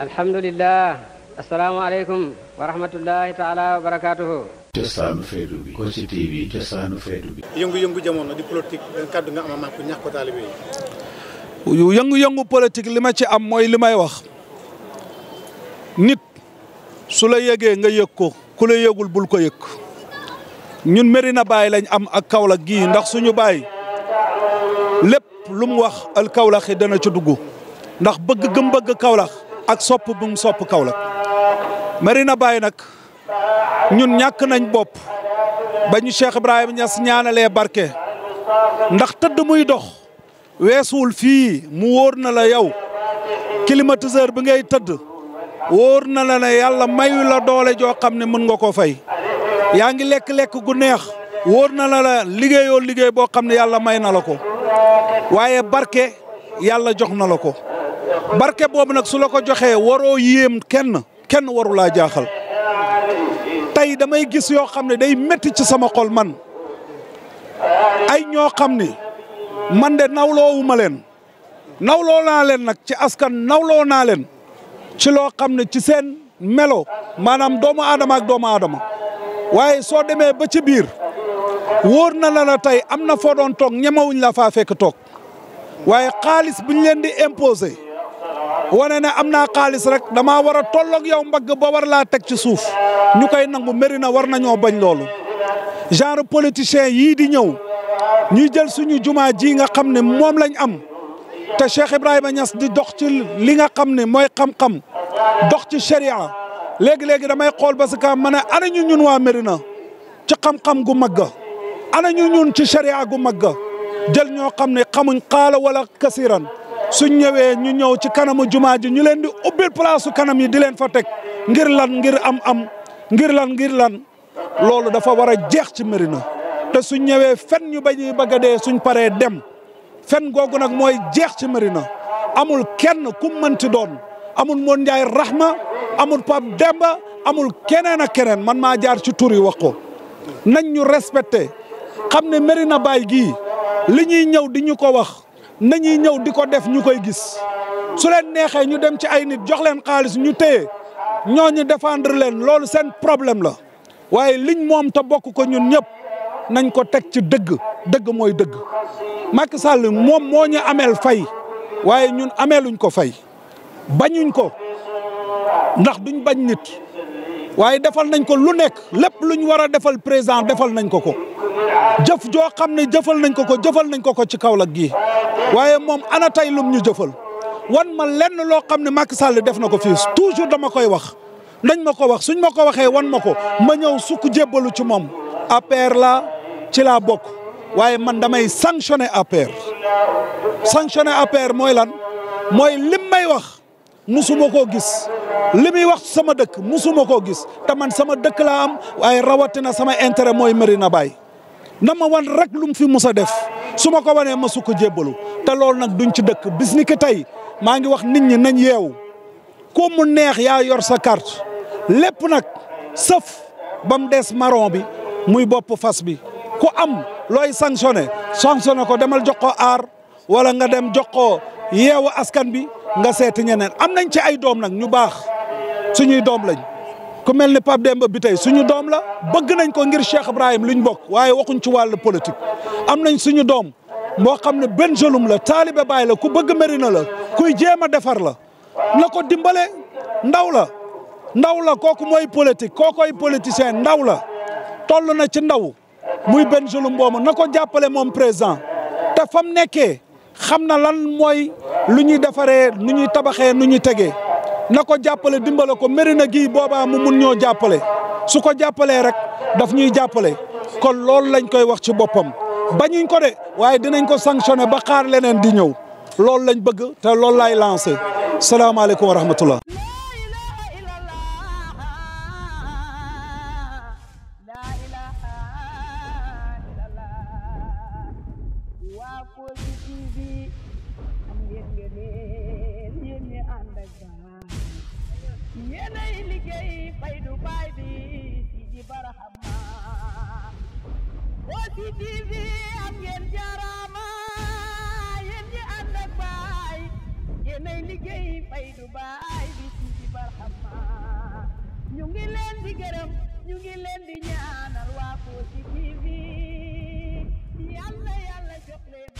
alhamdulilah asalaamaaleykum wa rahmatullahi taala yëngu-yëngu jamono di politique benn kàddu yëngu-yëngu li ma ci am mooy li may wax nit su la yëgee nga yëg ko ku la yëgul bul ko yëg ñun Medina Baye lañ am ak Kaolack gi ndax suñu baay lépp lu wax al Kaolack dana ca dugg ndax bëgg gëm bëgg Kaolack ak sopp bu mu sopp Kaolack Medina Baye nag ñun ñàkk nañ bopp ba ñu Cheikh ñas Niass ñaanalee barke ndax tëdd muy dox weesuwul fii mu wóor na la yow climatiseur bi ngay tëdd wóor na la ne yàlla mayu la doole joo xam ne mën nga ko fay yaa ngi lekk-lekk gu neex wóor na la liggéeyoo liggéey boo xam ne yàlla may na la ko waaye barke yàlla jox na la ko barke boobu nag su la ko joxee waroo yéem kenn kenn waru laa jaaxal tey damay gis yoo xam ne day metti ci sama xol man ay ñoo xam ni man de nawloowuma ma leen nawloo naa leen nag ci askan nawloo naa leen ci loo xam ne ci seen melo maanaam doomu aadama ak doomu aadama waaye soo demee ba ci biir wóor na la la tey am na foo doon toog ñemewuñ la faa fekk toog waaye xaalis buñ leen di imposer wane ne am naa xaalis rek damaa war a tolloog yow mbagg ba war laa teg ci suuf ñu koy nangu Médina war nañoo bañ loolu genre politicien yii di ñëw ñuy jël suñu jumaa jii nga xam ne moom lañ am te Cheikh Ibrahima ñas di dox ci li nga xam ne mooy xam-xam dox ci sharia léegi-léegi damay xool ba si ka ma ne ana ñu ñun waa Médina ci xam-xam gu mag ana ñu ñun ci sharia gu mag jël ñoo xam ne xamuñ xaala wala kasiran suñ ñëwee ñu ñëw ci kanamu jumaa ji ñu leen di ubbil place kanam yi di leen fa teg ngir lan ngir am am ngir lan ngir lan loolu dafa war a jeex ci Médina te suñ ñëwee fen ñu bañuy bëgg dee suñ paree dem fen googu nag mooy jeex ci Médina amul kenn ku mënti doon amul Moon Njaay Rahma amul Pape Demba amul keneen ak keneen man maa jaar ci tur yi wax ko nañ ñu respecté xam ne Médina baay gii li ñuy ñëw di ñu ko wax nañuy ñëw di ko def ñu koy gis su leen neexee ñu dem ci ay nit jox leen xaalis ñu téye ñooñu défendre leen loolu seen problème la waaye liñ moom te bokk ko ñun ñëpp nañ ko teg ci dëgg dëgg mooy dëgg Macky Sall moom moo ñu ameel fay waaye ñun ameeluñ ko fay bañuñ ko ndax duñ bañ nit waaye defal nañ ko lu nekk lépp lu ñu war a defal président defal nañ ko ko jëf joo xam ne jëfal nañ ko ko jëfal nañ ko ko ci Kaolack gii waaye moom ana tey lum ñu jëfal wan ma lenn loo xam ne Macky Sall def na ko fii toujours dama koy wax nañ ma ko wax suñ ma ko waxee wan ma ko ma ñëw sukk jébbalu ci moom APR la ci laa bokk waaye man damay sanctionné APR sanctionné APR mooy lan mooy lim may wax musuma koo gis li muy wax sama dëkk musuma koo gis te man sama dëkk laa am waaye rawatina sama intérêt mooy Medina Baye na ma wan rek lu mu fi mus a def su ma ko wanee ma sukk jébbalu te loolu nag duñ ci dëkk bis ni tey maa ngi wax nit ñi nañ yeewu ku mu neex yaa yor sa carte lépp nag sëf ba mu des marron bi muy bopp fas bi ku am looy sanctionné sanctionné ko demal jox ko aar wala nga dem jox ko yeewu askan bi nga seeti ñeneen am nañ ci ay doom nag ñu baax suñuy doom lañ ku mel ni Pape Demba bi tey suñu doom la bëgg nañ ko ngir Cheikh Ibrahim luñ bokk waaye waxuñ ci wàllu politique am nañ suñu doom moo xam ne benn jolum la taalibe Baay la ku bëgg Médina la kuy jéem a defar la na ko dimbale ndaw la ndaw la kooku mooy politique kookoy politicien ndaw la toll na ci ndaw muy benn jolum boobu na ko jàppale moom président te fam nekkee xam na lan mooy lu ñuy defaree nu ñuy tabaxee nu ñuy tegee na ko jàppale dimbale ko Médina gii boobaa mu mun ñoo jàppale su ko jàppalee rek dafa ñuy jàppale kon loolu lañ koy wax ci boppam bañuñ ko de waaye dinañ ko sanctionné ba xaar leneen di ñëw loolu lañ bëgg te loolu laay lancé salaamaaleykum wa yéenay liggéey fay du baay bi ñu ngi leen di gërëm ñu ngi leen di ñaanal waa Kossy TV yàlla yàlla jox leen